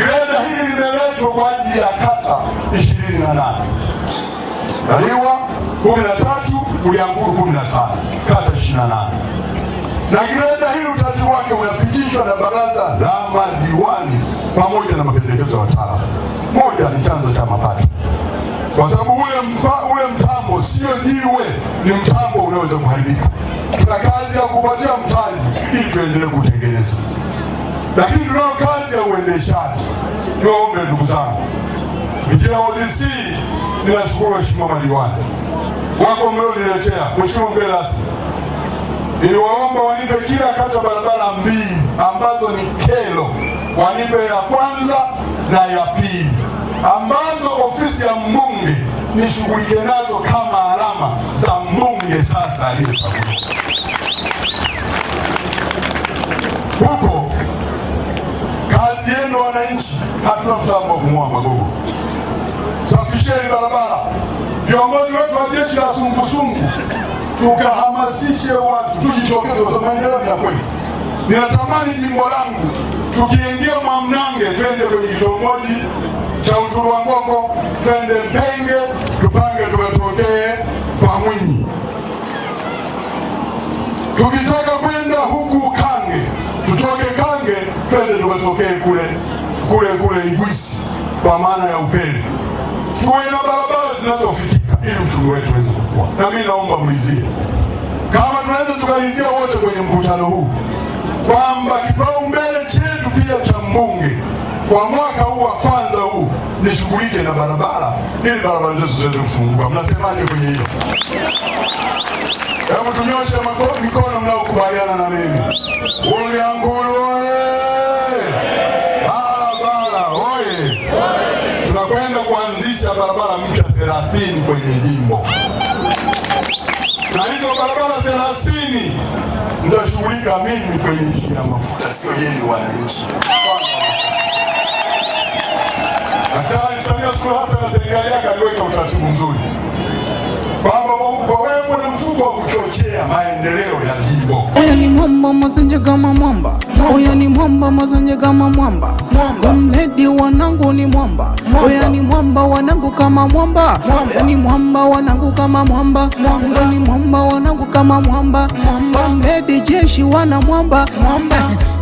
Greda hili limeletwa kwa ajili ya kata 28 Kaliwa 13, Uliankuru 15, kata 28 na kiwanda hili utazi wake unapitishwa na baraza la madiwani pamoja na mapendekezo ya wataalamu. Moja ni chanzo cha mapato, kwa sababu ule, ule mtambo sio jiwe, ni mtambo unaoweza kuharibika. Tuna kazi ya kupatia mtaji ili tuendelee kutengeneza lakini tunao kazi ya uendeshaji. Niwaombe ndugu zangu vijana wa ODC, ninashukuru waheshimiwa madiwani wako mlioniletea. Mheshimiwa mgeni rasmi, niliwaomba wanipe kila kata barabara mbili ambazo ni kero, wanipe ya kwanza na ya pili ambazo ofisi ya mbunge nishughulikie nazo kama alama za mbunge sasa aliyechaguliwa. yenu wananchi, hatuna mtambo wa kumua magogo. Safisheni barabara. Viongozi wetu wa jeshi la sungusungu, tukahamasishe watu, tujitokeze kwa maendeleo ya kweli. Ninatamani jimbo langu tukiingia Mwamnange, twende kwenye kitongoji cha Uturu wa Ngoko, twende Mpenge, tupange tukatokee kwa Mwinyi tukitaka twende tukatokee kule kule kule Igwisi kwa maana ya Upele, tuwe na barabara zinazofikika ili uchumi wetu uweze kukua. Na mimi naomba mlizie, kama tunaweza tukalizia wote kwenye mkutano huu kwamba kipaumbele chetu pia cha mbunge kwa mwaka huu wa kwanza huu nishughulike na barabara ili barabara zetu ziweze kufungua. Mnasemaje kwenye hiyo? Hebu tunyoshe mikono mnaokubaliana na mimi. Ulangulu oye! Tunakwenda kuanzisha barabara mpya thelathini kwenye jimbo, na hizo barabara thelathini nitashughulika mimi kwenye nchi ya mafuta, sio yenu wananchi. Daktari Samia Suluhu Hassan na serikali yake aliweka utaratibu mzuri kwamba wawepo na mfuko wa kuchochea maendeleo ya jimbo. Oya ni mwamba mazanje kama mwamba, mledi wanangu ni mwamba. Oya ni mwamba wanangu kama mwamba, oya ni mwamba wanangu kama mwamba, oya ni mwamba wanangu kama mwamba, mledi jeshi wana mwamba